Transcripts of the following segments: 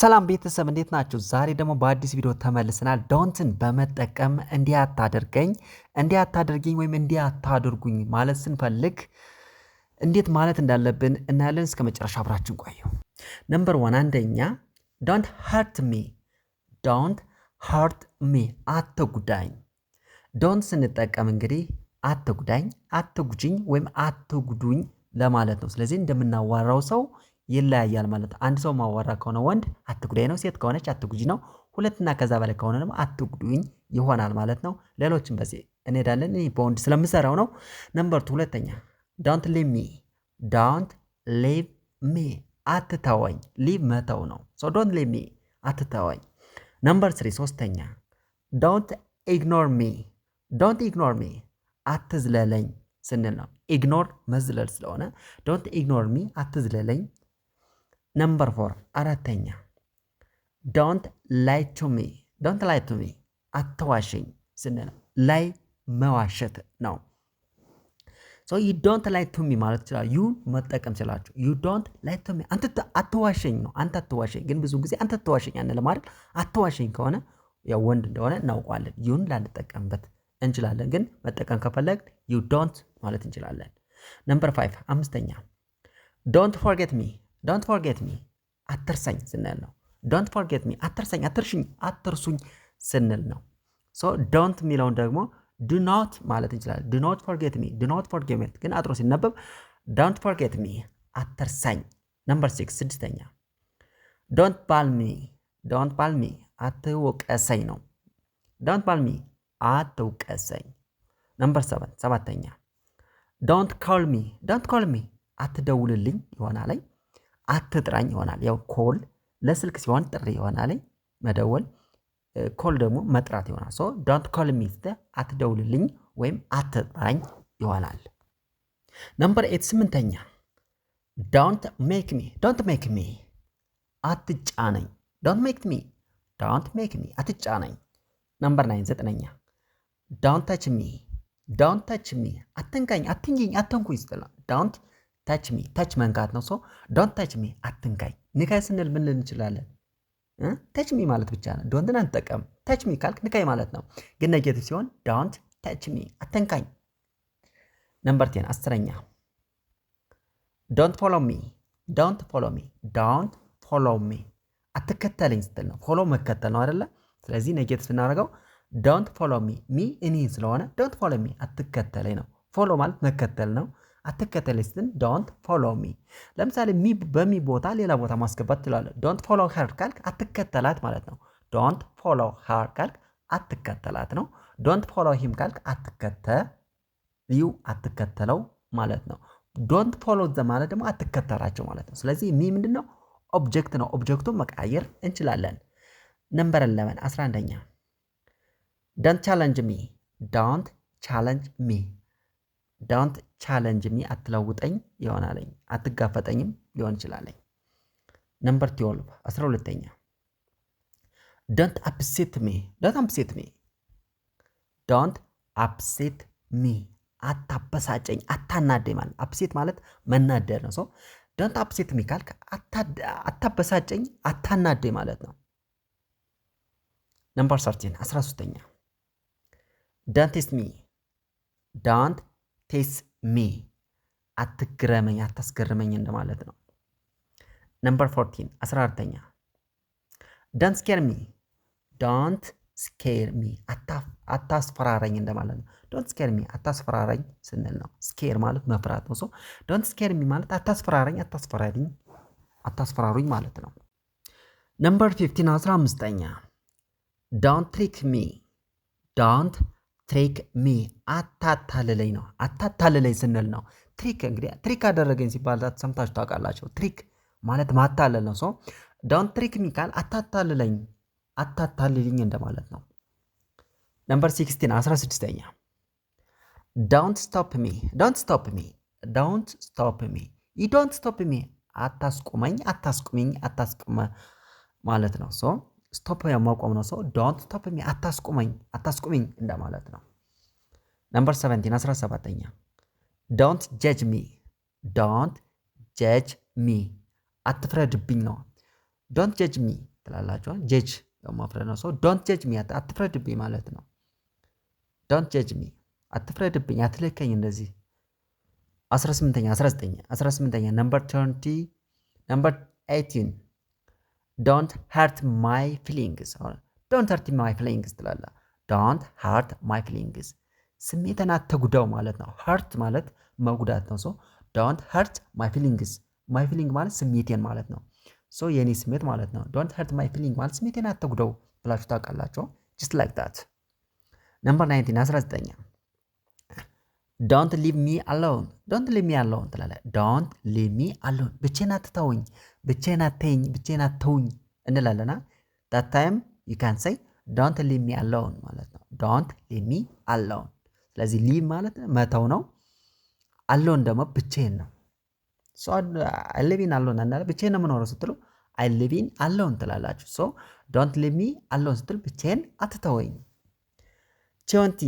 ሰላም ቤተሰብ እንዴት ናችሁ? ዛሬ ደግሞ በአዲስ ቪዲዮ ተመልሰናል። ዶንትን በመጠቀም እንዲህ አታደርገኝ፣ እንዲህ አታደርገኝ ወይም እንዲህ ማለት ስንፈልግ እንዴት ማለት እንዳለብን እናያለን። እስከ መጨረሻ አብራችን ቆዩ። ነምበር ዋን አንደኛ ዶንት ሀርት ሚ፣ ዶንት ሀርት ሚ አትጉዳኝ። ዶንት ስንጠቀም እንግዲህ አትጉዳኝ፣ አትጉጅኝ ወይም አትጉዱኝ ለማለት ነው። ስለዚህ እንደምናዋራው ሰው ይለያያል ማለት አንድ ሰው ማዋራ ከሆነ ወንድ አትጉዳይ ነው፣ ሴት ከሆነች አትጉጂ ነው። ሁለትና ከዛ በላይ ከሆነ ደግሞ አትጉዱኝ ይሆናል ማለት ነው። ሌሎችም በዚህ እንሄዳለን። ይህ በወንድ ስለምሰራው ነው። ነምበርቱ ሁለተኛ ዳውንት ሊቭ ሚ፣ ዳውንት ሊቭ ሚ አትተወኝ። ሊቭ መተው ነው። ሶ ዶንት ሊቭ ሚ አትተወኝ። ነምበር ስሪ ሶስተኛ ዶንት ኢግኖር ሚ፣ ዶንት ኢግኖር ሚ አትዝለለኝ ስንል ነው። ኢግኖር መዝለል ስለሆነ ዶንት ኢግኖር ሚ አትዝለለኝ ነምበር ፎር አራተኛ ዶንት ላይ ቱ ሚ ዶንት ላይ ቱ ሚ አተዋሸኝ ስንል ላይ መዋሸት ነው። ሶ ዩ ዶንት ላይ ቱ ሚ ማለት ይችላል። ዩ መጠቀም ስላችሁ ዩ ዶንት ላይ ቱ ሚ አንተ አተዋሸኝ ነው። አንተ አተዋሸኝ ግን ብዙ ጊዜ አንተ አተዋሸኝ አንልም አይደል? አተዋሸኝ ከሆነ ያው ወንድ እንደሆነ እናውቋለን። ዩን ላንጠቀምበት እንችላለን። ግን መጠቀም ከፈለግ ዩ ዶንት ማለት እንችላለን። ነምበር ፋይቭ አምስተኛ ዶንት ፎርጌት ሚ ዶንት ፎርጌት ሚ አትርሰኝ ስንል ነው። ዶንት ፎርጌት ሚ አትርሰኝ፣ አትርሽኝ፣ አትርሱኝ ስንል ነው። ሶ ዶንት የሚለውን ደግሞ ድኖት ማለት እንችላለን። ድኖት ፎርጌት ሚ፣ ድኖት ፎርጌት ሚ ግን አጥሮ ሲነበብ ዶንት ፎርጌት ሚ አትርሰኝ። ነምበር ሲክስ ስድስተኛ ዶንት ባልሚ፣ ዶንት ባልሚ አትውቀሰኝ ነው። ዶንት ባልሚ አትውቀሰኝ። ነምበር ሰቨን ሰባተኛ ዶንት ኮልሚ፣ ዶንት ኮልሚ አትደውልልኝ ይሆናለኝ አትጥራኝ ይሆናል። ያው ኮል ለስልክ ሲሆን ጥሪ ይሆናል፣ መደወል። ኮል ደግሞ መጥራት ይሆናል። ሶ ዶንት ኮል ሚ አትደውልልኝ ወይም አትጥራኝ ይሆናል። ነምበር ኤት ስምንተኛ ዶንት ሜክ ሚ ዶንት ሜክ ሚ አትጫነኝ። ዶንት ሜክ ሚ ዶንት ሜክ ሚ አትጫነኝ። ነምበር ናይን ዘጠነኛ ዶንት ተች ሚ ዶንት ተች ሚ አትንካኝ፣ አትንጂኝ፣ አትንኩኝ ስትል ዶንት ታች ሚ ታች መንካት ነው። ሰው ዶንት ታች ሚ አትንካኝ። ንካይ ስንል ምን ልን እንችላለን? ታች ሚ ማለት ብቻ ነው። ዶንትን አንጠቀም። ታች ሚ ካልክ ንካይ ማለት ነው። ግን ኔጌቲቭ ሲሆን ዶንት ታች ሚ አትንካኝ። ነምበር ቴን አስረኛ ዶንት ፎሎ ሚ ዶንት ፎሎ ሚ ዶንት ፎሎ ሚ አትከተለኝ ስትል ነው። ፎሎ መከተል ነው አይደለ? ስለዚህ ኔጌቲቭ ስናደርገው ዶንት ፎሎ ሚ ሚ እኔ ስለሆነ ዶንት ፎሎ ሚ አትከተለኝ ነው። ፎሎ ማለት መከተል ነው። አትከተለኝ ስትል ዶንት ፎሎ ሚ። ለምሳሌ ሚ በሚ ቦታ ሌላ ቦታ ማስገባት ትችላለህ። ዶንት ፎሎ ሄር ካልክ አትከተላት ማለት ነው። ዶንት ፎሎ ሄር ካልክ አትከተላት ነው። ዶንት ፎሎ ሂም ካልክ አትከተዩ አትከተለው ማለት ነው። ዶንት ፎሎ ዘ ማለት ደግሞ አትከተላቸው ማለት ነው። ስለዚህ ሚ ምንድን ነው? ኦብጀክት ነው። ኦብጀክቱን መቀየር እንችላለን። ነምበር ለመን 11ኛ ዶንት ቻለንጅ ሚ ዶንት ቻለንጅ ሚ ዳንት ቻለንጅ ሚ አትለውጠኝ ይሆናለኝ አትጋፈጠኝም ሊሆን ይችላለኝ። ነምበር ትዌልቭ አስራ ሁለተኛ ዳንት አፕሴት ሚ ዳንት አፕሴት ሚ ዳንት አፕሴት ሚ አታበሳጨኝ፣ አታናደኝ ማለት አፕሴት ማለት መናደር ነው። ሰው ዳንት አፕሴት ሚ ካልክ አታበሳጨኝ፣ አታናደኝ ማለት ነው። ነምበር ሰርቲን አስራ ሶስተኛ ዶንት ቴስት ሚ ዳንት ቴስ ሚ አትግረመኝ፣ አታስገርመኝ እንደማለት ነው። ነምበር 14 አስራ አራተኛ ዶንት ስኬር ሚ ዶንት ስኬር ሚ አታስፈራረኝ እንደማለት ነው። ዶንት ስኬር ሚ አታስፈራረኝ ስንል ነው። ስኬር ማለት መፍራት ነው። ዶንት ስኬር ሚ ማለት አታስፈራረኝ፣ አታስፈራረኝ፣ አታስፈራሩኝ ማለት ነው። ነምበር ፊፍቲን አስራ አምስተኛ ዶንት ትሪክ ሚ ዶንት ትሪክ ሚ አታታልለኝ ነው። አታታልለኝ ስንል ነው ትሪክ እንግዲህ ትሪክ አደረገኝ ሲባል ሰምታችሁ ታውቃላችሁ። ትሪክ ማለት ማታለል ነው። ሰው ዳውን ትሪክ ሚ ካል አታታልለኝ፣ አታታልልኝ እንደማለት ነው። ነምበር ሲክስቲን 16ኛ ዳውንት ስቶፕ ሚ፣ ዳውንት ስቶፕ ሚ፣ ዳውንት ስቶፕ ሚ፣ ዩ ዶንት ስቶፕ ሚ፣ አታስቁመኝ፣ አታስቁመኝ፣ አታስቁመ ማለት ነው። ሶ ስቶፕ ማቆም ነው። ሰው ዶንት ስቶፕ ሚ አታስቁመኝ፣ አታስቁመኝ እንደማለት ነው። ነምበር 17 አስራ ሰባተኛ ዶንት ጀጅ ሚ፣ ዶንት ጀጅ ሚ አትፍረድብኝ ነው። ዶንት ጀጅ ሚ ትላላችሁ። ጀጅ ማፍረድ ነው። ሰው ዶንት ጀጅ ሚ አትፍረድብኝ ማለት ነው። ዶንት ጀጅ ሚ አትፍረድብኝ፣ አትለከኝ እንደዚህ 18ኛ 19ኛ 18ኛ ነምበር 20 ነምበር 18 ዶንት ሀርት ማይ ፊሊንግስ። ዶንት ሀርት ማይ ፊሊንግስ ትላለ። ዶንት ሀርት ማይ ፊሊንግስ ስሜትን አትጉዳው ማለት ነው። ሀርት ማለት መጉዳት ነው። ሶ ዶንት ሀርት ማይ ፊሊንግስ። ማይ ፊሊንግ ማለት ስሜቴን ማለት ነው። ሶ የኔ ስሜት ማለት ነው። ዶንት ሀርት ማይ ፊሊንግ ማለት ስሜቴን አትጉዳው ብላችሁ ታውቃላችሁ። ጅስት ላይክ ዳት ነምበር 19 19 ዶንት ሊቭ ሚ አሎን ዶንት ሊቭ ሚ አሎን ትላለህ። ዶንት ሊቭ ሚ አሎን ብቼን አትተውኝ፣ ብቼን አትተኝ፣ ብቼን አትተውኝ እንላለና ዳት ታይም ዩ ካን ሰይ ዶንት ሊቭ ሚ አሎን ማለት ነው። ዶንት ሊቭ ሚ አሎን። ስለዚህ ሊቭ ማለት መተው ነው። አሎን ደግሞ ብቼን ነው። አይ ሊቭ አሎን እንዳለ ብቼን ነው የምኖረው ስትሉ አይ ሊቭ አሎን ትላላችሁ። ሶ ዶንት ሊቭ ሚ አሎን ስትሉ ብቼን አትተወኝ። ቼንቲ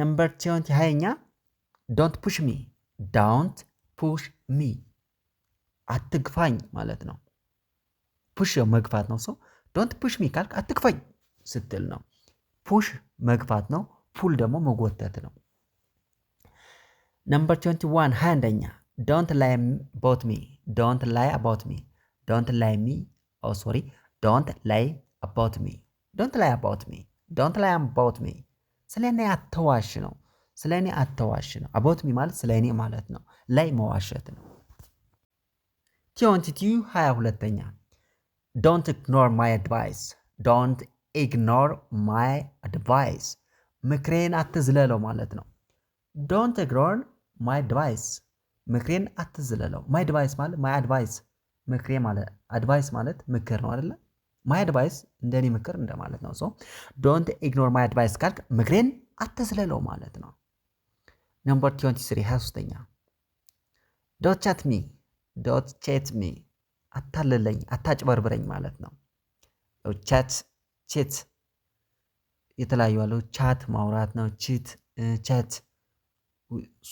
ነምበር ቼንቲ ሀይኛ ዶንት ፑሽ ሚ ዳውንት ፑሽ ሚ አትግፋኝ ማለት ነው። ፑሽ ያው መግፋት ነው። ሰው ዶንት ፑሽ ሚ ካልክ አትግፋኝ ስትል ነው። ፑሽ መግፋት ነው። ፑል ደግሞ መጎተት ነው። ነምበር 21 ሀያ አንደኛ ዶንት ላይ አባውት ሚ ዶንት ላይ አባውት ሚ ዶንት ላይ ሚ ኦ ሶሪ ዶንት ላይ አባውት ሚ ዶንት ላይ አባውት ሚ ዶንት ላይ አባውት ሚ ስለኔ አትዋሽ ነው። ስለ እኔ አተዋሽ ነው። አቦት ሚ ማለት ስለ እኔ ማለት ነው። ላይ መዋሸት ነው። ቲዮንቲቲዩ 22 ሁለተኛ ዶንት ኢግኖር ማይ አድቫይስ። ዶንት ኢግኖር ማይ አድቫይስ ምክሬን አትዝለለው ማለት ነው። ዶንት ኢግኖር ማይ አድቫይስ ምክሬን አትዝለለው። ማይ አድቫይስ ማለት ማይ አድቫይስ ምክሬ ማለት አድቫይስ ማለት ምክር ነው አይደለ? ማይ አድቫይስ እንደኔ ምክር እንደማለት ነው። ሶ ዶንት ኢግኖር ማይ አድቫይስ ካልክ ምክሬን አትዝለለው ማለት ነው። Number 23 23ኛ ዶት ቻት ሚ ዶት ቼት ሚ አታልለኝ አታጭበርብረኝ ማለት ነው። ቻት ቼት የተለያዩ አለው። ቻት ማውራት ነው። ቺት ቻት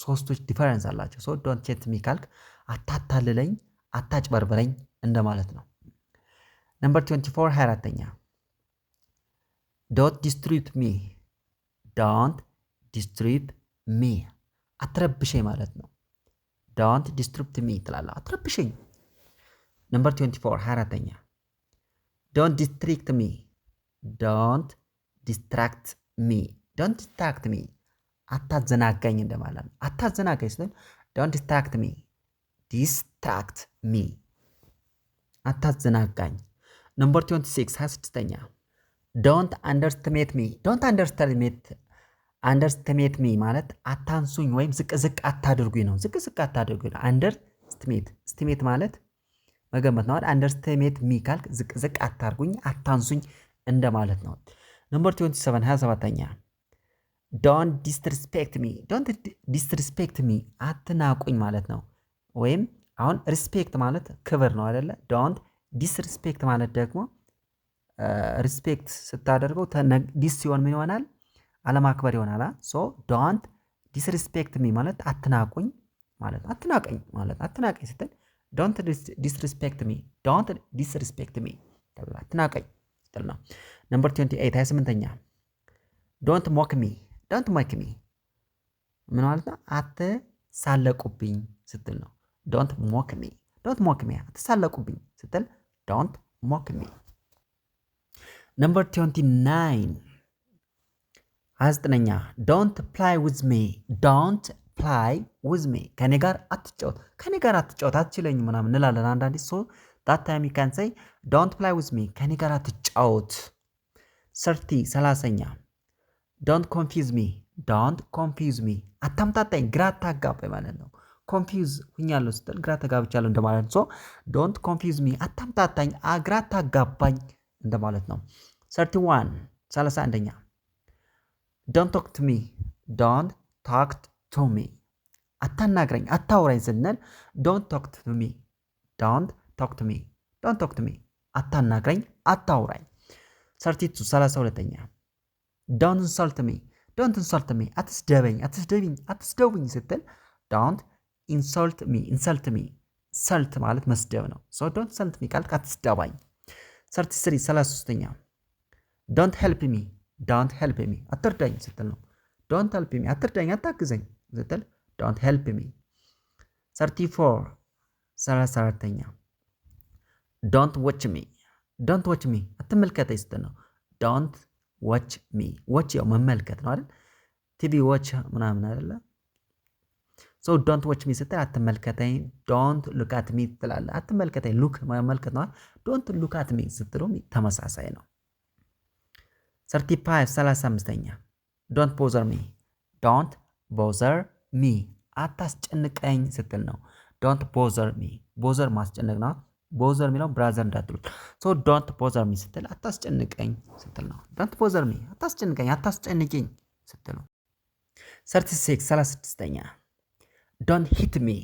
ሶስቶች ዲፈረንስ አላቸው። ሶ ዶንት ቼት ሚ ካልክ አታታልለኝ አታጭበርብረኝ እንደማለት ነው። ነምበር 24 24ኛ ዶንት ዲስትሪት ሚ ዶንት ዲስትሪፕ ሚ አትረብሸኝ ማለት ነው። ዳንት ዲስትሩፕት ሚ ትላለ፣ አትረብሸኝ። ነምበር 24 24ኛ ዶንት ዲስትሪክት ሚ ዶንት ዲስትራክት ሚ ዶንት ዲስትራክት ሚ አታዘናጋኝ እንደማለት ነው። አታዘናጋኝ ስል ዶንት ዲስትራክት ሚ ዲስትራክት ሚ አታዘናጋኝ። ነምበር 26 26 ተኛ ዶንት አንደርስትሜት ሚ ዶንት አንደርስትሜት አንደርስትሜት ሚ ማለት አታንሱኝ ወይም ዝቅ ዝቅ አታድርጉኝ ነው። ዝቅ ዝቅ አታድርጉኝ ነው። አንደርስትሜት ስቲሜት ማለት መገመት ነው። አንደርስቲሜት ሚ ካልክ ዝቅ ዝቅ አታርጉኝ አታንሱኝ እንደማለት ነው። ነምበር 27 27ኛ ዶንት ዲስሪስፔክት ሚ ዶንት ዲስሪስፔክት ሚ አትናቁኝ ማለት ነው። ወይም አሁን ሪስፔክት ማለት ክብር ነው አይደለ? ዶንት ዲስሪስፔክት ማለት ደግሞ ሪስፔክት ስታደርገው ዲስ ሲሆን ምን ይሆናል? አለማክበር ይሆናል። ሶ ዶንት ዲስሪስፔክት ሚ ማለት አትናቁኝ ማለት አትናቀኝ ማለት አትናቀኝ ስትል ዶንት ዲስሪስፔክት ሚ ዶንት ዲስሪስፔክት ሚ ተብሎ አትናቀኝ ስትል ነው። ነምበር 28 28ኛ ዶንት ሞክ ሚ ዶንት ሞክ ሚ ምን ማለት ነው? አትሳለቁብኝ ስትል ነው። ዶንት ሞክ ሚ ዶንት ሞክ ሚ አትሳለቁብኝ ስትል ዶንት ሞክ ሚ ነምበር 29 አስጥነኛ ዶንት ፕላይ ዊዝ ሚ ዶንት ፕላይ ዊዝ ሚ ከኔ ጋር አትጫወት፣ ከኔ ጋር አትጫወት፣ አትችለኝ ምናምን እንላለን አንዳንዴ። ሶ ዳት ታይም ካን ሳይ ዶንት ፕላይ ዊዝ ሚ ከኔ ጋር አትጫወት። ሰርቲ ሰላሰኛ ዶንት ኮንፊዝ ሚ ዶንት ኮንፊዝ ሚ አታምታታኝ፣ ግራ አታጋባኝ ማለት ነው። ኮንፊዝ ሁኛለሁ ስትል ግራ ተጋብቻለሁ እንደማለት ሶ ዶንት ኮንፊዝ ሚ አታምታታኝ፣ ግራ አታጋባኝ እንደማለት ነው። ሰርቲ ዋን ሰላሳ አንደኛ ዶንት ቶክ ቱ ሚ ዶን ቶክ ቱ ሚ አታናግረኝ፣ አታውራኝ ስንል ዶንት ቶክ ቱ ሚ ዶን ቶክ ቱ ሚ ዶን ቶክ ቱ ሚ አታናግረኝ፣ አታውራኝ። ሰርቲቱ ሰላሳ ሁለተኛ ዶንት ኢንሰልት ሚ ዶንት ኢንሶልት ሚ አትስደበኝ፣ አትስደብኝ፣ አትስደውኝ ስትል ዶንት ኢንሰልት ሚ ኢንሰልት ሚ ሰልት ማለት መስደብ ነው። ሶ ዶንት ሰልት ሚ ካልክ አትስደባኝ። ሰርቲ ስሪ ሰላሳ ሶስተኛ ዶንት ሄልፕ ሚ ዳንት ሄልፕ ሚ አትርዳኝ ስትል ነው። ዶንት ሄልፕ ሚ አትርዳኝ፣ አታግዘኝ ስትል ዶንት ሄልፕ ሚ። ሰርቲ ፎር ሰላሳ አራተኛ ዶንት ዎች ሚ ዶንት ዎች ሚ አትመልከተኝ ስትል ነው። ዶንት ዎች ሚ ዎች ያው መመልከት ነው አይደል? ቲቪ ዎች ምናምን አይደለ? ሶ ዶንት ዎች ሚ ስትል አትመልከተኝ፣ ዶንት ሉክ አት ሚ ትላለህ። አትመልከተኝ ሉክ መመልከት ነው። ዶንት ሉክ አት ሚ ስትሉም ተመሳሳይ ነው። 35 35ኛ ዶንት ቦዘር ሚ ዶንት ቦዘር ሚ አታስጨንቀኝ ስትል ነው። ዶንት ቦዘር ሚ ቦዘር ማስጨንቅ ናት። ቦዘር የሚለው ብራዘር እንዳትሉት። ሶ ዶንት ቦዘር ሚ ስትል አታስጨንቀኝ ስትል ነው። ዶንት ቦዘር ሚ አታስጨንቀኝ፣ አታስጨንቂኝ ስትል ነው። 36 36ኛ ዶንት ሂት ሚ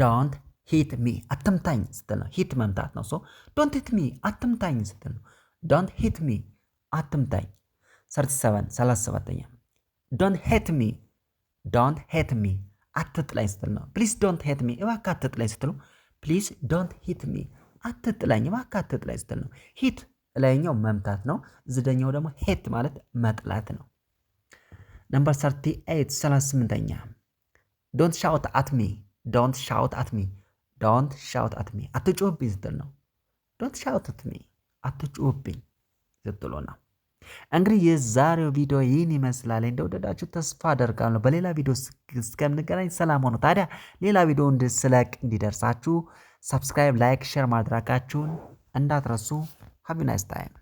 ዶንት ሂት ሚ አትምታኝ ስትል ነው። ሂት መምታት ነው። ሶ ዶንት ሂት ሚ አትምታኝ ስትል ነው። ዶንት ሂት ሚ አትምታኝ። 37 37ኛ ዶንት ሄት ሚ ዶንት ሄት ሚ አትጥላኝ ስትል ነው። ፕሊዝ ዶንት ሄት ሚ እባክህ አትጥላኝ ስትሉ ፕሊዝ ዶንት ሂት ሚ አትጥላኝ እባክህ አትጥላኝ ስትል ነው። ሂት ላይኛው መምታት ነው። ዝደኛው ደግሞ ሄት ማለት መጥላት ነው። ነምበር 38 38ኛ ዶንት ሻውት አትሚ ዶንት ሻውት አትሚ ዶንት ሻውት አትሚ አትጩህብኝ ስትል ነው። ዶንት ሻውት አትሚ አትጩህብኝ ቀጥሎ እንግዲህ የዛሬው ቪዲዮ ይህን ይመስላል። እንደወደዳችሁ ተስፋ አደርጋለሁ። በሌላ ቪዲዮ እስከምንገናኝ ሰላም ሆኖ ታዲያ ሌላ ቪዲዮ እንድስለቅ እንዲደርሳችሁ ሰብስክራይብ፣ ላይክ፣ ሼር ማድረጋችሁን እንዳትረሱ። ሀቪ ናይስ ታይም